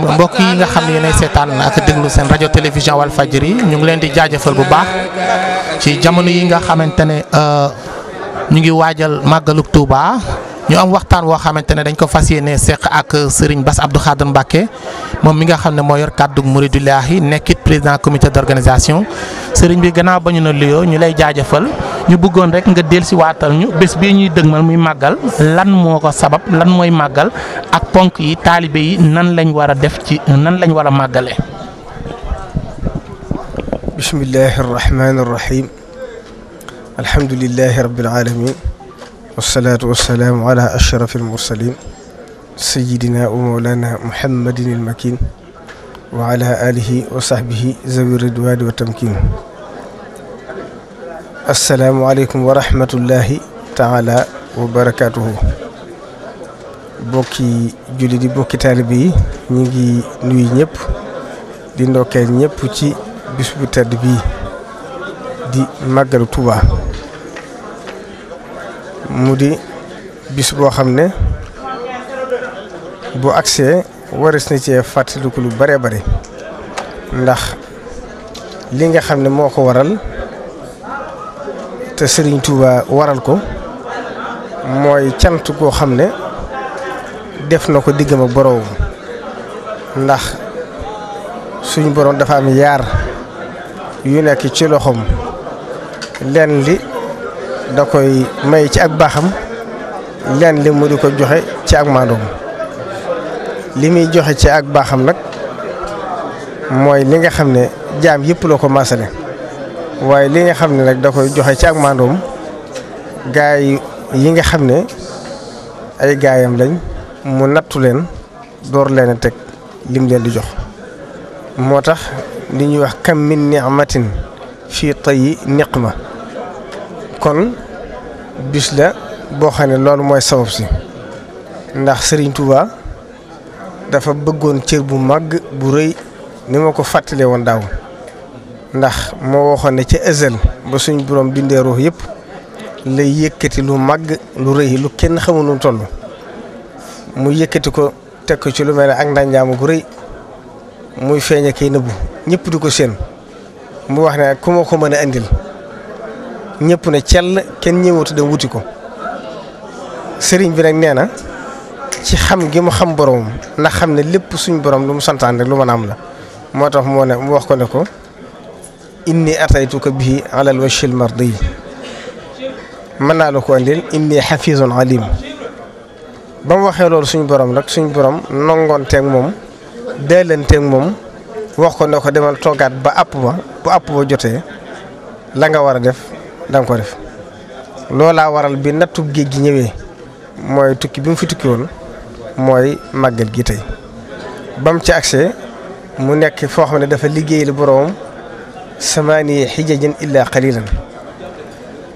mbokk yi nga xam ne yéenay seetaan ak déglu seen rajo télévision yi ñu ngi leen di jaajëfal bu baax ci jamono yi nga xamante ne euh, ñu ngi waajal màggalug Touba. ñu am waxtaan woo xamante ne dañ ko fas yéene seq ak Serigne Bass Abdou Khadr Mbacké moom mi nga xam ne moo yor kàddu Mouridulaahi nekkit président comité d'organisation sëriñ bi gannaaw ba ñu na luyoo ñu lay jaajëfal ñu bëggoon rek nga dellusi waatal ñu bés bii ñuy dëgmal muy màggal lan moo ko sabab lan mooy màggal ak ponk yi taalibe yi nan lañ war a def ci nan lañ war a màggalee. bismillaahi rahmaani rahiim wasalaatu wasalaam ala ashraf almursalin sayidina wa mawlana muhammadin almakin wa ala alihi wa sahbihi zawi ridwani wa tamkin asalaamualeykum wa rahmatullahi taala wa barakatuhu bokki julli di bokki taalibe yi ñu ngi nuyu ñëpp di ndokkeel ñëpp ci bis bu tedd di màggalu Tuubaa mu di bis boo xam ne bu agsee waris na cee fàttaliku lu bare bare ndax li nga xam ne moo ko waral te Serigne Touba waral ko mooy cant goo xam ne def na ko diggam ak boroom ndax suñu boroom dafa am yaar yu nekk ci loxoom lenn li da koy may ci ak baaxam leen li mu di ko joxe ci ak maandoom li muy joxe ci ak baaxam nag mooy li nga xam ne jaam yëpp loo ko maasale waaye li nga xam ne nag da koy joxe ci ak maandoom gaay yi nga xam ne ay gaayam lañ mu nattu leen door leen teg lim leen di jox moo tax li ñuy wax kam min ni'matin fii tayi niqma kon bis la boo xam ne loolu mooy sabab si ndax sëriñ Touba dafa bëggoon cër bu màgg bu rëy ni ma ko fàttalee woon daaw ndax moo waxoon ne ca ëzël ba suñu borom bindee ruux yëpp lay yëkkati lu màgg lu rëy lu kenn xamul nu mu yëkkati ko teg ko ci lu mel ak ndànjaama gu rëy muy feeña kay nëbbu ñépp di ko seen mu wax ne ku ma ko mën a indil ñëpp ne cell kenn ñëwatu dem wuti ko sëriñ bi nag nee na ci xam gi mu xam boromam ndax xam ne lépp suñ borom lu mu santaan rek lu mën a am la moo tax moo ne mu wax ko ko inni ataytuka bihi alal wajhil mardi mën naa la ko andil inni xafisun alim waxee loolu suñ borom rek suñ borom nongoonteeg moom deelanteeg moom wax ko ne ko demal toogaat ba àpp ba bu àpp ba jotee la nga war a def danga ko def loolaa waral bi nattu géej gi ñëwee mooy tukki bi mu fi tukki woon mooy màggal gi tey ba mu ci agsee mu nekk foo xam ne dafa liggéey li boroomam samaani xijajin illaa qalilan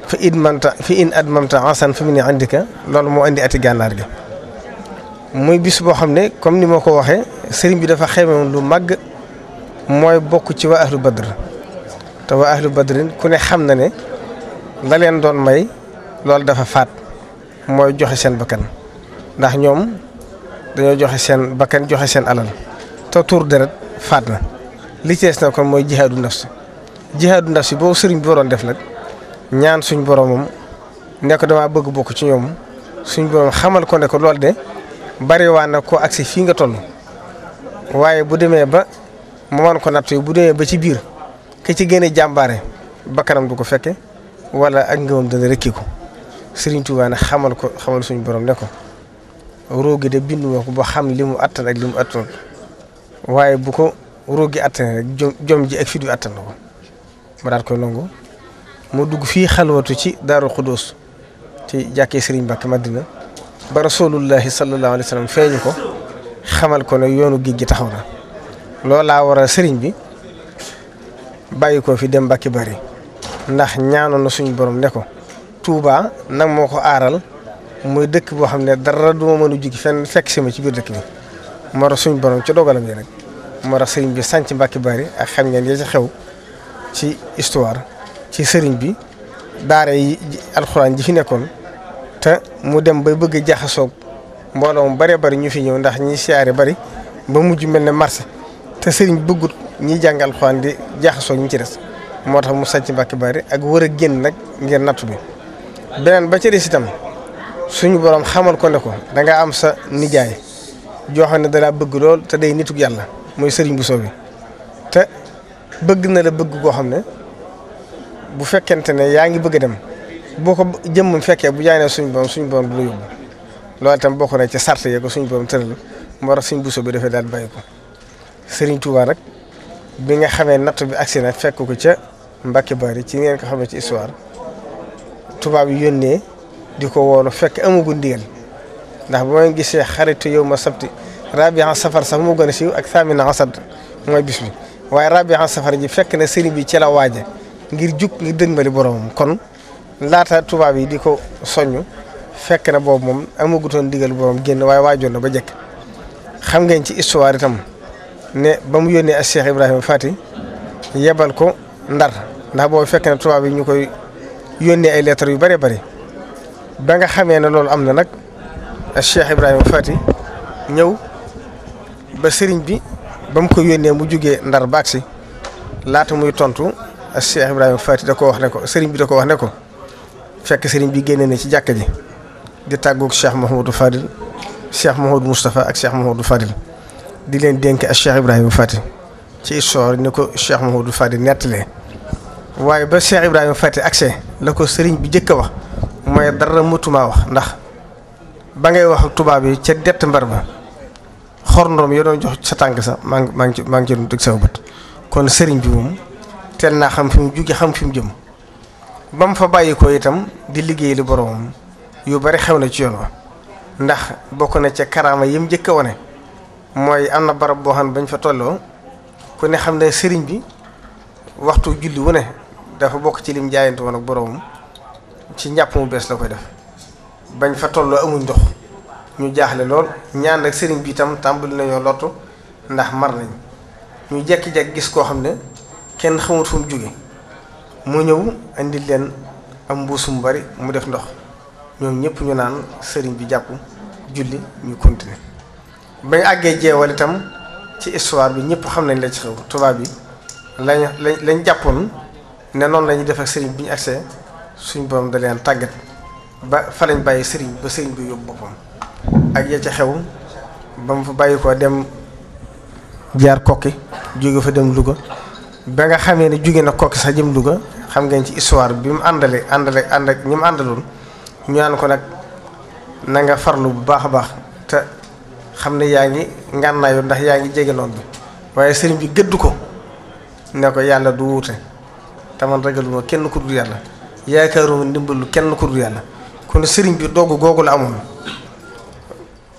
fa in manta fi in admamta ansan fa min indika loolu moo indi ati gànnaar gi muy bis boo xam ne comme ni ma ko waxee sëriñ bi dafa xayma lu màgg mooy bokk ci waa ahlu badr te waa ahlu badrin ku ne xam na ne nga leen doon may loolu dafa faat mooy joxe seen bakkan ndax ñoom dañoo joxe seen bakkan joxe seen alal te deret faat na li ci des na kon mooy jihaadu nafs jihaadu si boo sëriñ bi waroon def nag ñaan suñ boromam ne dama bëgg bokk ci ñoom suñ borom xamal ko ne ko loolu de bari waa na ko agsi fii nga toll waaye bu demee ba mu man ko natt bu demee ba ci biir ke ci gën a bakkanam du ko fekke wala ak ngëmam dana rëkki ko sëriñ Tuubaa ne xamal ko xamal suñu borom ne ko roogi de bindu ma ko ba xam li mu attan ak li mu attan waaye bu ko roogi attan rek jom jom ji ak fit wi attan ko ma daat koy nangu mu dugg fii xalwatu ci Daaru Xudóos ci jàkkee sëriñ Mbàkke Madina ba rasulullahi sallallahu alayhi wa feeñu ko xamal ko ne yoonu géej gi taxaw na loolaa waral sëriñ bi bàyyi ko fi dem Mbàkke bari ndax ñaanoon na suñu borom ne ko Touba nag moo ko aaral mooy dëkk boo xam ne dara du ma mën a jug fenn fekk si ma ci biir dëkk bi moo tax suñu borom ci dogalam yi nag moo tax sëriñ bi sànc Mbàkke Bari ak xam ngeen ya ci xew ci histoire ci sëriñ bi daara yi alxuraan ji fi nekkoon te mu dem bay bëgg a jaxasoog mbooloo mu bëree bëri ñu fi ñëw ndax ñi siyaare bari ba mujj mel ne marché te sëriñ bëggut ñi jàng alxuraan di jaxasoog ñi ci des. moo tax mu sàcc Mbàkke Bari ak war a génn nag ngir nattu bi beneen ba ci des itam suñu borom xamal ko ne ko da am sa nijaay joo xam ne dalaa bëgg lool te day nitug yàlla mooy sëriñ bu soobee te bëgg na la bëgg goo xam ne bu fekkente ne yaa ngi bëgg dem boo ko jëmmam fekkee bu jaay ne suñu suñu borom du la yóbbu loolu itam bokk na ci sart yee ko suñu borom tëral moo tax suñu buso bi dafay daal bàyyi ko sëriñ Tuubaa rek bi nga xamee nattu bi agsi na fekk ko ca. Mbacke Bari ci ngeen ko xamee ci histoire tubaab yi yónnee di ko woon fekk amagu ndigal ndax bu ma gisee xaritu yow ma sabti rabia safar sax moo gën a ak samina asad mooy bis bi waaye rabia safar ji fekk na sëriñ bi ci la waaja ngir jug ngir dënmali boromam kon laata tubaab yi di ko soññ fekk na boobu moom amagutoon ndigal borom génn waaye waajoon na ba njëkk xam ngeen ci histoire itam ba mu yónnee ak Cheikh Ibrahima faati yebal ko Ndar ndax boo fekk na tubaab yi ñu koy yónnee ay lettres yu bëree bëri ba nga xamee ne loolu am na nag Cheikh Ibrahima Fati ñëw ba sëriñ bi ba mu ko yónnee mu jugee ndar baag si laata muy tontu Cheikh Ibrahima Fati da ko wax ne ko sëriñ bi da ko wax ne ko fekk sëriñ bi génne na ci jàkka ji di tàggoog Cheikh Mouhamadou Fadil Cheikh Mouhamadou Moustapha ak Cheikh Mouhamadou Fadil di leen dénk ak Cheikh Ibrahima Fati ci histoire ni ko Cheikh Mouhamadou Fadil nettalee. waaye ba Cheikh Ibrahima Fati accès la ko sëriñ bi njëkk a wax mooy dara motuma wax ndax ba ngay wax tubaab yi ca dett mbar ba xorndoom yoo doon jox sa tànk sax maa ngi maa ngi ci maa ngi ci bët kon sëriñ bi moom teel naa xam fi mu jóge xam fi mu jëm ba mu fa bàyyi ko itam di liggéey li boromam yu bari xew na ci yoon wa ndax bokk na ca karaama yi mu njëkk a wane mooy am na barab boo xam ne bañ fa tolloo ku ne xam ne sëriñ bi waxtu julli wu ne dafa bokk ci lim jaayante woon ak boroomam ci njàpp mu bees la koy def bañ fa tolloo amuñ ndox ñu jaaxle lool ñaan ak sëriñ bi itam tàmbali nañoo lottu ndax mar nañ ñu jekki-jekki gis koo xam ne kenn xamut fu mu jóge mu ñëw indi leen am mbuus mu bari mu def ndox ñoom ñëpp ñu naan sëriñ bi jàpp julli ñu continuer bañ àggee jeewal itam ci histoire bi ñëpp xam nañ la ci xew tubaab yi lañ lañ lañ jàppoon ne noonu lañuy ñuy def ak sëriñ bi ñu agsee suñ borom da leen tàggat ba fa lañ bàyyi sëriñ ba sëriñ bi yóbbu boppam ak ya ca xew ba mu fa bàyyi ko dem jaar kokki jóge fa dem Louga ba nga xamee ni jóge na kokki sax jëm Louga xam ngeen ci histoire bi mu àndale àndale àndak ak ñi mu àndaloon ñu naan ko nag na nga farlu bu baax a baax te xam ne yaa ngi ngànnaayu ndax yaa ngi jege bi waaye sëriñ bi gëdd ko ne ko yàlla du wuute. te man ragaluma kenn ku dul yàlla yaakaaruma ndimbalu kenn ku dul yàlla kon sëriñ bi doog googu la amoon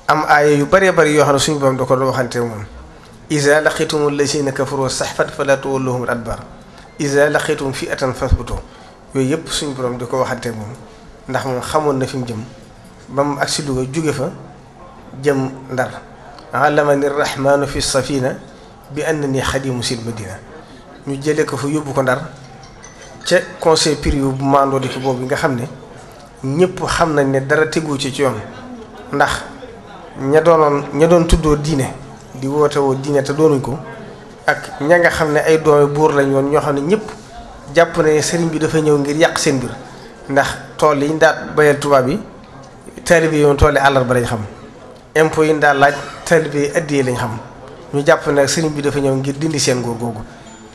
am aaya yu bëree bëri yoo xam ne suñu borom da ko doon waxante moom iza laqitum allasina kafaru saxfan fala tuwalluhum al adbar iza laqitum yooyu yëpp suñu borom di ko waxante moom ndax moom xamoon na fi mu jëm ba ak si luga jóge fa jëm ndar alamani rahmanu fi safina bi annani xadimu sil madina ñu jëlee ko fa yóbbu ko ndar ca conseil privé bu mandoo di fi boobu nga xam ne ñëpp xam nañ ne dara tegu ci ci yoon ndax ña doonoon ña doon tuddoo diine di woote woo diine te doonuñ ko ak ña nga xam ne ay doomi buur lañ woon ñoo xam ne ñëpp jàpp ne sëriñ bi dafa ñëw ngir yàq seen mbir ndax tool yi daal bayal tubaab yi taalibe yi yoon tool yi àllarba lañ xam impôt yi ñu daal laaj taalibe yi addiye lañ xam ñu jàpp ne sëriñ bi dafa ñëw ngir dindi seen góor googu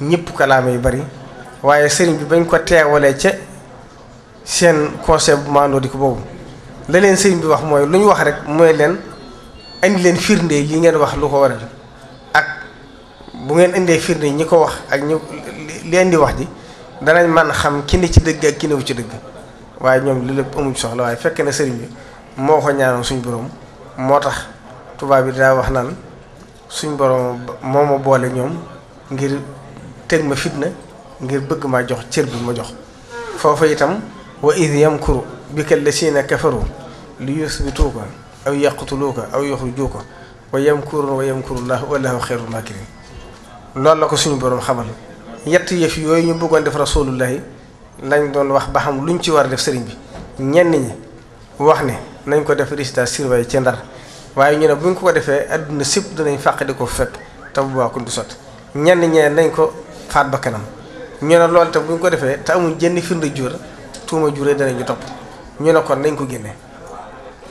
ñëpp kalaame yu bari waaye sëriñ bi bañ ko teewalee ca seen conseil bu maandoo di ko boobu la leen sëriñ bi wax mooy lu ñu wax rek mooy leen indi leen firnde yi ngeen wax lu ko waral ak bu ngeen indee firnde ñi ko wax ak ñu li indi wax ji danañ mën xam ki ne ci dëgg ak ki newu ci dëgg waaye ñoom li lépp amuñ soxla waaye fekk na sëriñ bi moo ko ñaanoon suñ borom moo tax tubaab bi daa wax naan suñ borom moo ma boole ñoom ngir teg ma fitna ngir bëgg maa jox cër bi ma jox foofa itam wa id yamkuru bika lasina kafaru li yusbituuka aw yaqtuluuka aw yuxrijuuka wa yamkuruuna wa yamkurullahu wallahu xeyrul maakirin loolu la ko suñu boroom xamal yett yëf yooyu ñu bëggoon def rasulullahi lañ doon wax ba xam ñu ci war a def sëriñ bi ñenn ñi wax ne nañ ko def résidence surveillée ci ndar waaye ñu ne buñ ko ko defee àdduna sëpp dinañ fàq di ko fekk te bu baax du sot ñenn ñee nañ ko faat ba kanam ñu ne loolu tam buñ ko defee te amul jenn firnde jur tuuma jure danañu topp ñu ne kon nañ ko génne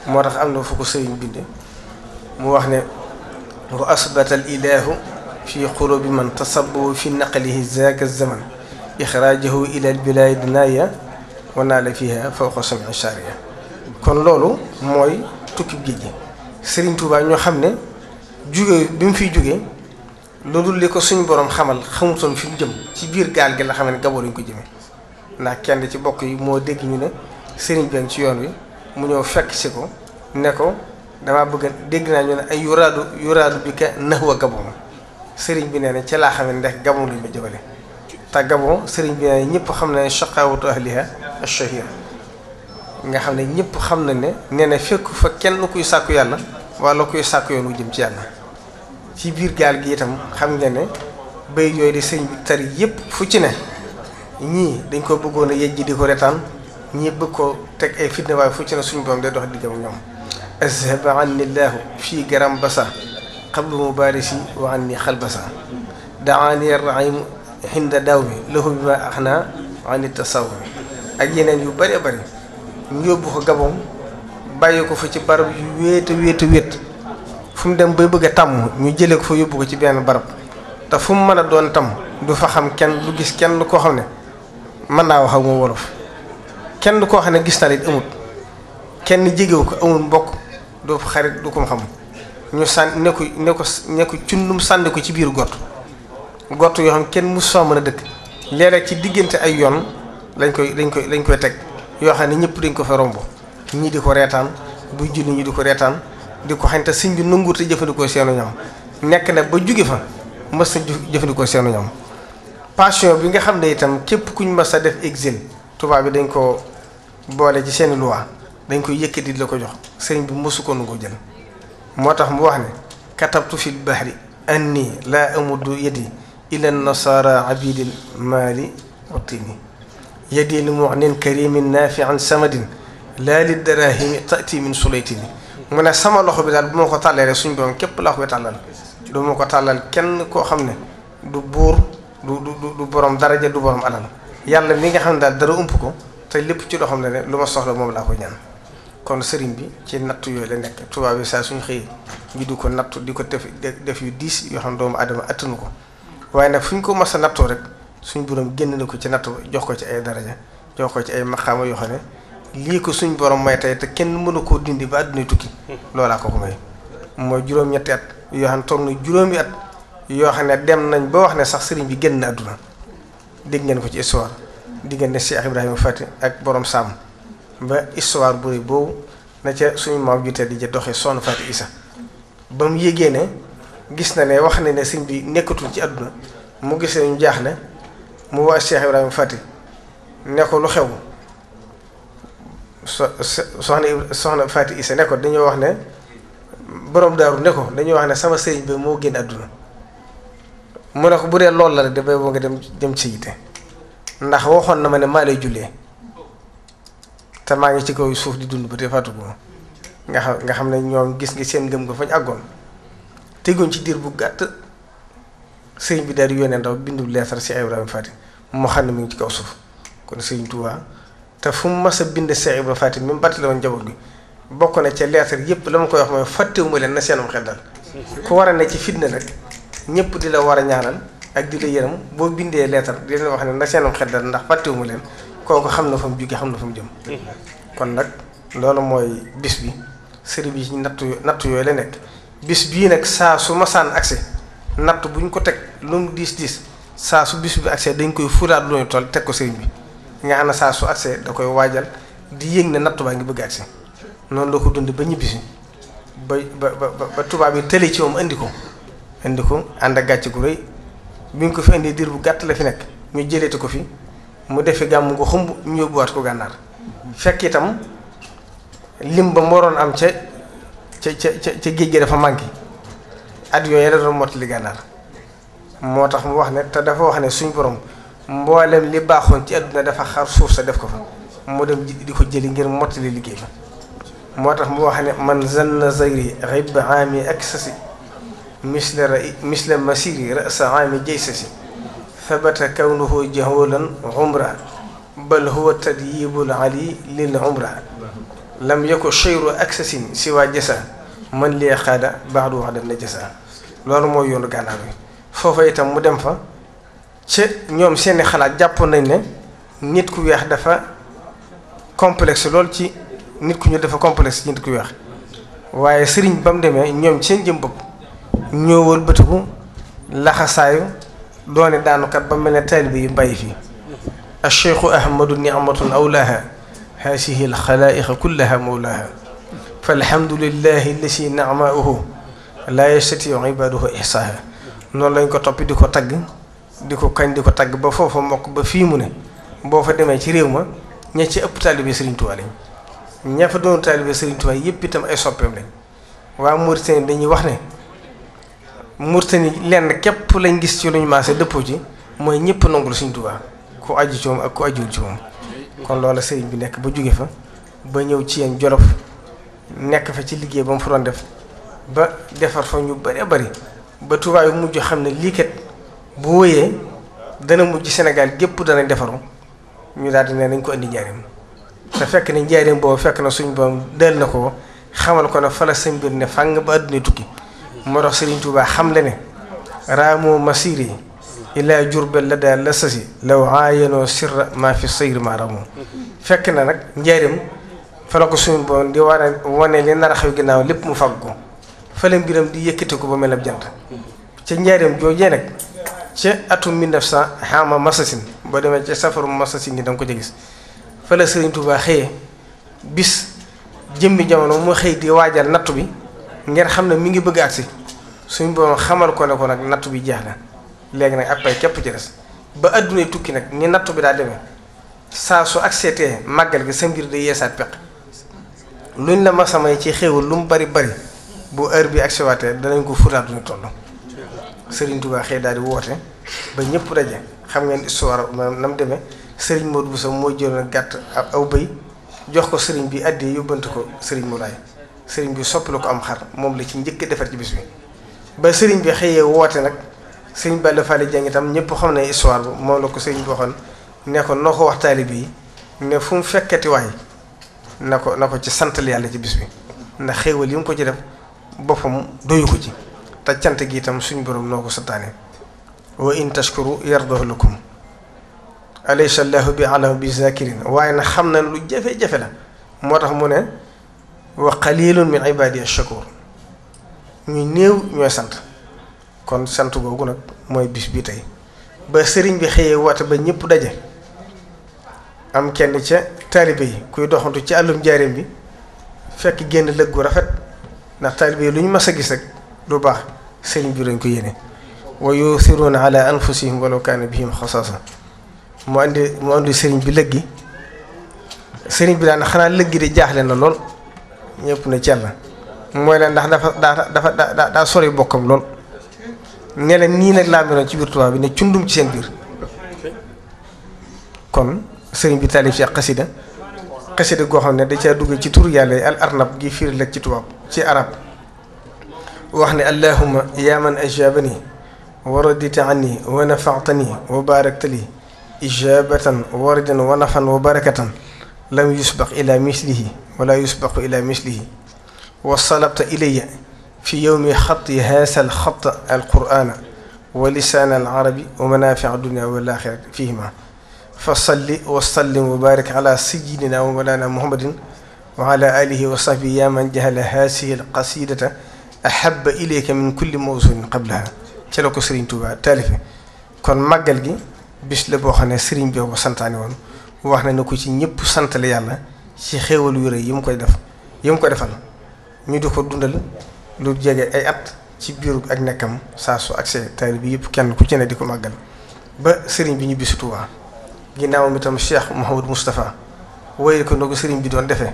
moo tax am na fu ko sëriñ binde mu wax ne wa asbata al ilahu fi qulubi man tasabbu fi naqlihi zaaka zaman ixraajahu ila al bilaadi naaya wa naa la fiha fawqa sam'i sharia kon loolu mooy tukki géej gi sëriñ Tuubaa ñoo xam ne jugee bi mu fiy jugee loolu li ko suñ boroom xamal xamutoon fi mu jëm ci biir gaal gi la xam ne gaboo lañ ko jëmee ndax kenn ci bokk yi moo dégg ñu ne sëriñ ci yoon wi mu ñëw fekk si ko ne ko damaa bëgg dégg naa ñu ne ay yuraadu yuraadu bi ka naxwa gabon sëriñ bi nee na ci laa xam ne ndax gabon lañ ma jëmale te gabon sëriñ bi nee na ñëpp xam na ne shaqawatu ahliha ashahira nga xam ne ñëpp xam na ne nee fekk fekku fa kenn kuy sàkku yàlla wala kuy sàkku yoon wu jëm ci yàlla ci biir gaal gi itam xam nga ne béy yooyu di sëñ bi tari yépp fu ci ne ñii dañ koo bëggoon a yejji di ko retaan ñii bëgg ko teg ay fitna waaye fu ci ne suñu boom day dox diggam ñoom azhaba anni llaahu fii garam basa qablu mubarisi wa anni xalbasa daani rahimu hinda daaw bi lahu bi ma axna ani tasawuf ak yeneen yu bëree bëri ñu yóbbu ko gaboom bàyyi ko fa ci barab yu wéet a wéet fu mu dem bay bëgg a tàmm ñu jëlee ko fa yóbbu ko ci benn barab te fu mu mën a doon tam du fa xam kenn du gis kenn koo xam ne mën naa wax ak wolof kenn koo xam ne gis na leen amut kenn jegewu ko amul mbokk du xarit du ko xam ñu sàn ne ko ne ko ne ko sànni ko ci biir gott gott yoo xam kenn mus faa mën a dëkk léeg ci diggante ay yoon lañ koy lañ koy lañ koy teg yoo xam ne ñëpp dañ ko fa romb ñii di ko reetaan buy julli ñi di ko reetaan. di ko xante sëñ bi nanguur te jëfandikoo seenu ñam nekk na ba jóge fa mës na jëfandikoo seenu ñam pension bi nga xam ne itam képp kuñ mës a def exil tubaab bi dañ ko boole ci seeni loi dañ koy yëkkati di la ko jox sëñ bi mësu ko nangu jël moo tax mu wax ne katabtu fil bahri anni laa amudu yadi ila nasara abidil maali wa tini yadi li muxnin karimin naafian samadin laa li darahimi tati min sulaytini mu ne sama loxo bi daal bu ma ko tàllee rek suñu borom képp laa koy tàllal du ma ko tàllal kenn koo xam ne du buur du du du borom daraja du borom alal yàlla mi nga xam ne daal dara ump ko te lépp ci loxoom xam ne lu ma soxla moom laa ko ñaan kon sëriñ bi ci natt yooyu la nekk tubaab yi saa suñu xëyee ñu du ko nattu di ko def def yu diis yoo xam ne doomu aadama attanu ko waaye nag fu ñu ko mas a nattoo rek suñu borom génn na ko ci natt jox ko ci ay daraja jox ko ci ay maqaama yoo xam ne lii ko suñ borom may tey te kenn mënu koo dindi ba àdduna tukki loolaa ko ko may mooy juróom-ñetti at yoo xam ne toog na juróomi at yoo xam ne dem nañ ba wax ne sax sëriñ bi génn na àdduna dégg ngeen ko ci histoire diggante Cheikh Ibrahima Fati ak boroom Sàmm ba histoire bu rëy boobu na ca suñu maam ju tedd di ja doxee sonn Fati Isa ba mu yégee ne gis na ne wax na ne sëriñ bi nekkatul ci àdduna mu gisee ñu jaaxle mu wax Cheikh Ibrahima Fati ne lu xew. so soxna soxna Faati Isa ne ko dañoo wax ne borom daaru ne ko dañoo wax ne sama sëriñ bi moo génn àdduna mu ne ko bu dee loolu la dafay boo nga dem dem ci yite ndax waxoon na ma ne maa lay jullee te maa ngi ci kaw suuf di dund ba te fàttu nga xam ne ñoom gis ngi seen ngëm nga fañ àggoon teguñ ci diir bu gàtt sëriñ bi daal di yónnee ndaw bindu leetar si Ibrahima Faati moo xam ne mu ngi ci kaw suuf kon sëriñ Tuubaa te fu mu mas a bind Cheikh Ibra Fatim mi mu bàttale woon njaboot gi bokk na ca leetar yëpp la ma koy wax mooy fàttewuma leen na seenum xel dal ku war a ne ci fitna nag ñëpp di la war a ñaanal ak di la boo bindee leetar di leen wax ne na seenum xel dal ndax fàttewuma leen kooku xam na fa mu jóge xam na fa mu jëm kon nag loolu mooy bis bi sëriñ bi nattu nattu yooyu la nekk bis bii nag saa su masaan saan natt bu ñu ko teg lu mu diis diis saa su bis bi agsee dañ koy furaat lu ñu toll teg ko sëriñ bi nga xam ne saa su accès da koy waajal di yëg na natt baa ngi bëgg agsi noonu la ko dund ba ñibbisi ba ba ba tubaab yi tële ci moom indi ko indi ko ànd ak gàcce gu rëy bi ñu ko fi indi diir bu gàtt la fi nekk ñu jëleete ko fi mu defe gàmm gu xumb ñu yóbbuwaat ko gànnaar fekk itam lim ba mu am ca ca ca ca géej gi dafa manqué at yooyu la moo tax mu wax ne te dafa wax ne suñ borom mboolem li baaxoon ci àdduna dafa xar suuf sa def ko fa mu dem di ko jëli ngir mottali liggéey fa moo tax mu wax ne man zanna zayri rib ami ak sasi misla ra misla masiri rasa ami jay sasi thabata kawnuhu jaholan umra bal huwa tadyibul ali lil umra lam yako cheyru ak sasin siwa jasa man lie xaada baax du wax da na jasa loolu mooy yoonu gànnaar bi foofa itam mu dem fa ci ñoom seeni xalaat jàppoon nañ ne nit ku weex dafa complex lool ci nit ku ñu dafa complexe ci nit ku weex waaye sëriñ ba mu demee ñoom seen jëm bopp ñoo wëlbatiku laxasaayu doone daanukat ba mel ne taalibe yu bàyyi fii acheikhu ahmadu nimatun awlaha haasihi alxalaaiqa kullaha mawlaha falhamdulillahi allasi nicmauhu laa yastatiu ibaduhu ihsaaha noonu lañ ko toppi di ko tagg di ko kañ di ko tagg ba foofa mokk ba fii mu ne boo fa demee ci réew ma ña ci ëpp taalibe Serigne Touba lañ ña doon taalibe Serigne Touba yëpp itam ay soppeem lañ waa Mauritanie dañuy wax ne Mauritanie lenn képp lañ gis ci luñ maase dëppoo ci mooy ñëpp nangul Serigne Touba ku aju ci moom ak ku ajuwul ci moom kon loola sëriñ bi nekk ba jóge fa ba ñëw ci yéen Jolof nekk fa ci liggéey ba mu fa doon def ba defar fa ñu bari bari ba Touba yu mujj xam ne lii kat bu wéyee dana mujj Sénégal gépp dana defaru ñu daal di ne nañ ko indi njaarim te fekk ne njaarim boobu fekk na suñ boom del na ko xamal ko ne fala sa mbir ne fàng ba àdduna tukki moo tax Serigne Touba xam le ne raamoo masiri ilaa Jurbel la daal la sasi law aayanoo sirra maa fi sayri maa raamoo fekk na nag njaarim fala ko suñ boom di wane wane li nar a xew ginnaaw lépp mu fàgg ko fale mbiram di yëkkati ko ba mel ab jant ca njaarim ca atum 1900 xaama masasin boo demee ca safaru masasin yi da nga ko ca gis fa la Sëriñ Tuubaa xëyee bis jëmbi jamono mu xëy di waajal nattu bi ngeen xam ne mi ngi bëgg agsi suñ borom xamal ko ne ko nag nattu bi jeex na léegi nag ak pay képp ci des ba adduna tukki nag ni nattu bi daa demee saa su agseetee màggal gi sa mbir day yeesaat peq luñ la ma samay ci xéewal lu mu bari bari bu heure bi agsiwaatee danañ ko furaat lu ñu toll Serigne Touba xëy daal di woote ba ñëpp daje xam ngeen histoire maanaam na mu demee bu Modou Bousso moo jëloon gàtt ak aw bëy jox ko sëriñ bi àddee yóbbante ko Serigne Moulay Serigne bi soppi la ko am xar moom la ci njëkk a defar ci bis bi. ba sëriñ bi xëyee woote nag Serigne Balla Fally Dieng tam ñëpp xam ne histoire bi moom la ko Serigne bi waxoon ne ko noo ko wax taalibe yi ne fu mu fekkati waay na ko na ko ci santal yàlla ci bis bi ndax xéewal yi mu ko ci def boppam doyu ko ci. te cant gi itam suñ borom noo ko santaane wa in tashkuru yardahu lakum bi alam bi zakirin waaye nag xam na lu jafe-jafe la moo tax mu ne wax qalilun min ibadi ash-shakur ñu néew ñooy sant kon sant googu nag mooy bis bi tey ba sëriñ bi xëyee woote ba ñëpp daje am kenn ca taalibe yi kuy doxantu ci àllum njaareem bi fekk génn lëggu rafet ndax taalibe yi lu ñu ma a gis lu baax sëriñ bi dañ ko yéene wa yusiruuna ala anfusihim walaw bi bihim xasaasa mu andi mu andi sëriñ bi lëggi sëriñ bi daan xanaa lëggi de jaaxle na lool ñëpp ne ci yàlla mooy la ndax dafa da dafa daa sori bokkam lool ne nii nag laa ci biir tubaab bi ne cundum ci seen biir kon sëriñ bi taalif ci xasida xasida goo xam ne da caa dugg ci tur yàlla yi al arnab gi fiir lëg ci tubaab ci arab wax ne allahuma yaa man ajaabani wa radita anni wa nafaatani wa baarakta li ijaabatan waridan wa nafan wa barakatan lam yusbaq ila mislihi wala yusbaqu ila mislihi wa salabta ilayya fi yowmi xatti haasal xatta alqur'aana wa lisaan alarabi wa manaafic dunia wal axirati fihima fa salli wa sallim wa baarik ala sayidina wa mawlaana muhammadin wa ala alihi wa sahbihi yaa man jahala haasihi alqasidata ahabba ilayka min kulli mawsumin qablaha ci la ko sëriñ Touba taalife kon màggal gi bis la boo xam ne sëriñ bi ko santaane woon wax na ne ko ci ñëpp santale yàlla ci xéewal yu rëy yi mu koy def yi mu koy defal ñu di ko dundal lu jege ay at ci biiru ak nekkam saa su accès taalibe bi yëpp kenn ku ci ne di ko màggal ba sëriñ bi ñu bisu Touba ginnaawam itam Cheikh Mouhamadou mustafa wéyal ko ndogu sëriñ bi doon defee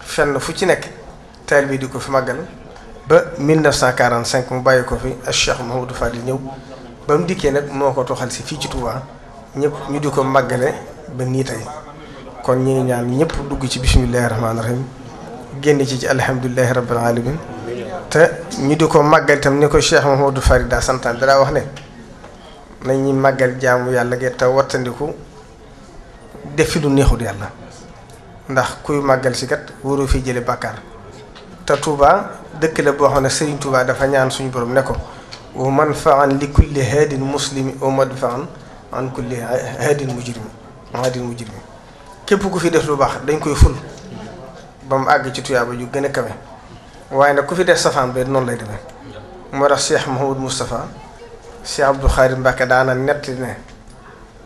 fenn fu ci nekk taalibe bi di ko fi màggal. ba 1945 mu bàyyi ko fi ak Cheikh Mouhamadou Fadil ñëw ba mu dikkee nag moo ko toxal si fii ci Touba ñëpp ñu di ko màggale ba nii tey kon ñu ñaan ñëpp dugg ci bisimilahi rahmaani rahim génn ci ci alhamdulilahi rabbil alamin te ñu di ko màggal itam ni ko Cheikh Mouhamadou Fadil daa santaan daa wax ne nañuy màggal jaamu yàlla ge te wattandiku def fi lu neexul yàlla ndax kuy màggal si kat waru fi jële bàkkaar te Touba dëkk la boo xam ne Serigne Touba dafa ñaan suñu borom ne ko wa man faan li kulli haadin muslimi wa madfaan an kulli haadin mujrimi haadin képp ku fi def lu baax dañ koy ful ba mu àgg ci tuyaaba ju gën a kawe waaye nag ku fi def safaan ba noonu lay demee moo tax Cheikh Mouhamadou Moustapha Cheikh Abdou Khadre Mbacke daana nett ne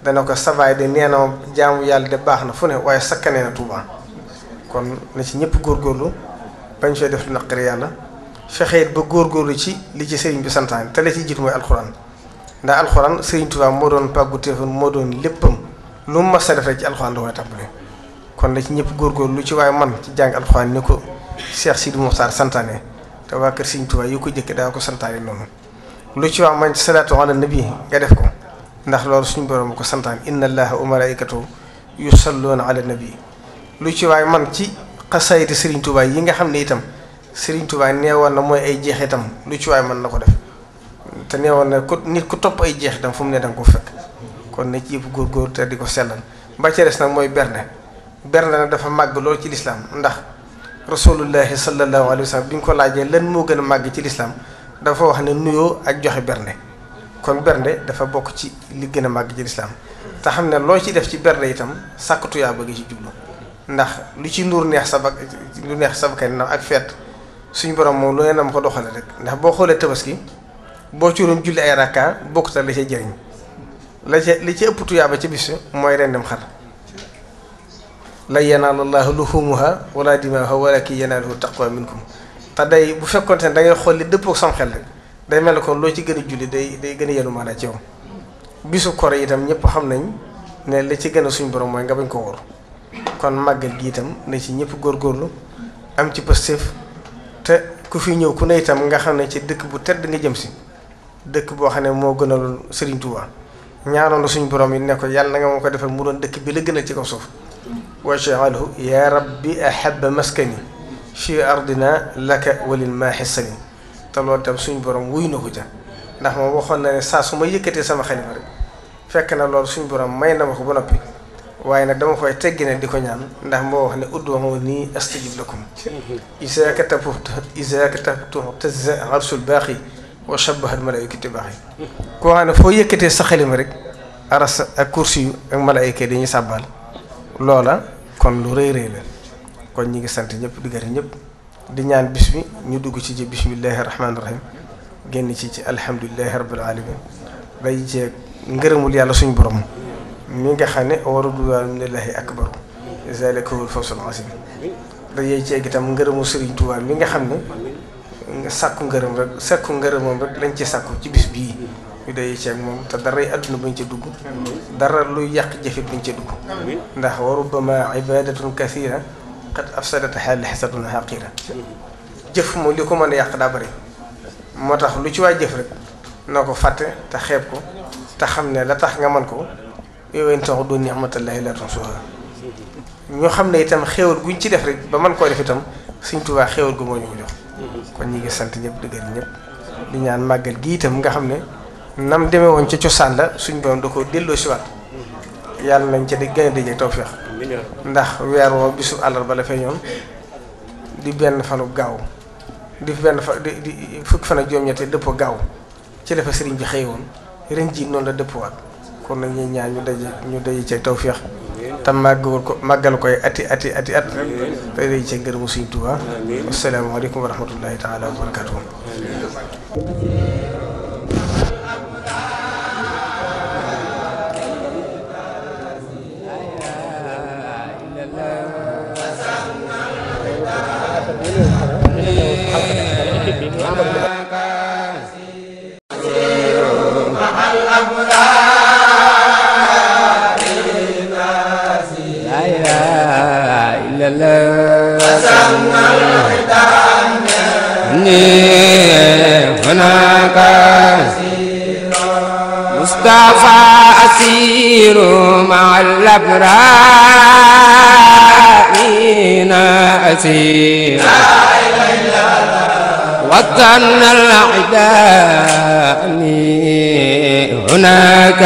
dana ko sabaay de nee na jaamu yàlla de baax na fu ne waaye sakkanee na Touba kon na ci ñëpp góorgóorlu bañ fee def lu naqari yàlla fexeet ba góorgóorlu ci li ci sëriñ bi santaane te la ciy jiitu mooy alxuraan ndax alxuraan sëriñ Tuubaa moo doon pàggu téefan moo doon léppam lu mu mas a def rek ci alxuraan la koy tàmbale kon la ci ñëpp góor lu ci waaye man ci jàng alxuraan ni ko Cheikh Sidi Moxtaar santaane te waa kër sëriñ Tuubaa yi ko jëkk daa ko santaane noonu lu ci waa man ci salaatu ala nabi nga def ko ndax loolu suñu borom ko santaan inna allaha wa malaikatahu yusalluna ala nabi lu ci xasaayiti Serigne Touba yi nga xam ne itam Serigne Touba neewal na mooy ay jeexitam lu ci waay mën na ko def te neewal na ko nit ku topp ay jeexitam fu mu ne danga ko fekk kon na ci yëpp góorgóor te di ko sellal ba ca des nag mooy bernde bernde na dafa màgg loolu ci lislaam ndax rasulullahi sallallahu alayhi wa sallam bi ñu ko laajee lenn moo gën a màgg ci lislaam dafa wax ne nuyoo ak joxe bernde kon bernde dafa bokk ci li gën a màgg ci lislaam te xam ne loo ci def ci bernde itam sàkk tuyaaba gi ci jublu ndax lu ci nduur neex sabak lu neex sabakan nam ak feet suñu borom moom lu ne nam ko doxale rek ndax boo xoolee tabaski boo ci doon julli ay rakka bokkute la ca jëriñ la ca li ci ëpp tuyaaba ca bis mooy rendem xar la yanaal allaahu luhumuha wala dimaaha walakin yanaaluhu taqwa minkum te day bu fekkonte ne da ngay xool li dëppoo sam day mel ne kon loo ci gën a julli day day gën a yenu ci yow bisu kore itam ñëpp xam nañ ne la ci gën a suñu borom mooy nga bañ ko wóor kon màggal gi itam na ci ñëpp góorlu am ci pëstéef te ku fi ñëw ku ne itam nga xam ne ci dëkk bu tedd nga jëm si dëkk boo xam ne moo gën gënal Serigne Touba ñaanoon suñu borom yi ne ko yàlla na nga ma ko defal mu doon dëkk bi la gën gënal ci kaw suuf wajalahu yaa rabbi ahaba maskani fi ardina laka walil maaxisani te loolu tam suñu borom wuy na ko ja ndax moom waxoon na ne saa su ma yëkkatee sama xalima rek fekk na loolu suñu borom may na ma ko ba noppi waaye nag dama koy teggi ne di ko ñaan ndax moo wax ne ud'uuni nii astajib lakum izaa katabtu izaa katabtu tazza arsul baaqi wa shabbahat malaa'ikati baaqi koo xam ne foo yëkkatee sa xalima rek aras ak kursi yu ak malaayika dañuy sàbbaal loola kon lu rëy rëy la kon ñi ngi sant ñëpp di gërëm ñëpp di ñaan bis ñu dugg ci ji bismillahi rahmaani rahim génn ci ci alhamdulillahi rabbil alamin day jeeg ngërëmul yàlla suñu borom mi nga xam ne wa ridwaanun minallaahi akbaru zaalika huwal fawzul aziim dañuy gi tam ngërëmu Serigne Touba mi nga xam ne sàkku ngërëm rek sàkku ngërëmam rek lañ ci sàkku ci bis bii ñu day ceeg moom te dara àdduna bañ ca dugg dara luy yàq jëfit bañ ca dugg ndax waru wa rubbama ibadatun kathira qad afsadataha lahsatun haqira jëf moom li ko mën a yàq daa bari moo tax lu ci waay jëf rek na ko fàtte te xeeb ko te xam ne la tax nga man ko yooyu yëpp taxul doon ni'matallahi laa tunsuha ñoo xam ne itam xéewal guñ ci def rek ba man koo def itam Sëñ Tuubaa xéewal gu moo ñu jox. kon ñi ngi sant ñëpp dëgër ñëpp. di ñaan màggal gi itam nga xam ne nam demee woon ca cosaan la suñ borom da koo delloo yàlla nañ ca di gën a dajee tawféex ndax weer woo bisu àllarba la feeñoon di benn fanu gaaw di benn fa di di fukki fan ak juróom-ñett dëppoo gaaw ci la fa sëriñ bi xëy woon ren jii noonu la dëppwaat kon nag ñuy ñaan ñu daje ñu daje ci tawféex tam màggal ko koy ati ati at te daje ci ngërëmu Sëriñ Tuubaa asalaamaaleykum wa rahmatullahi taala wa الأبرار أسيرا وطن الأعداء هناك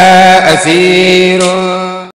أسير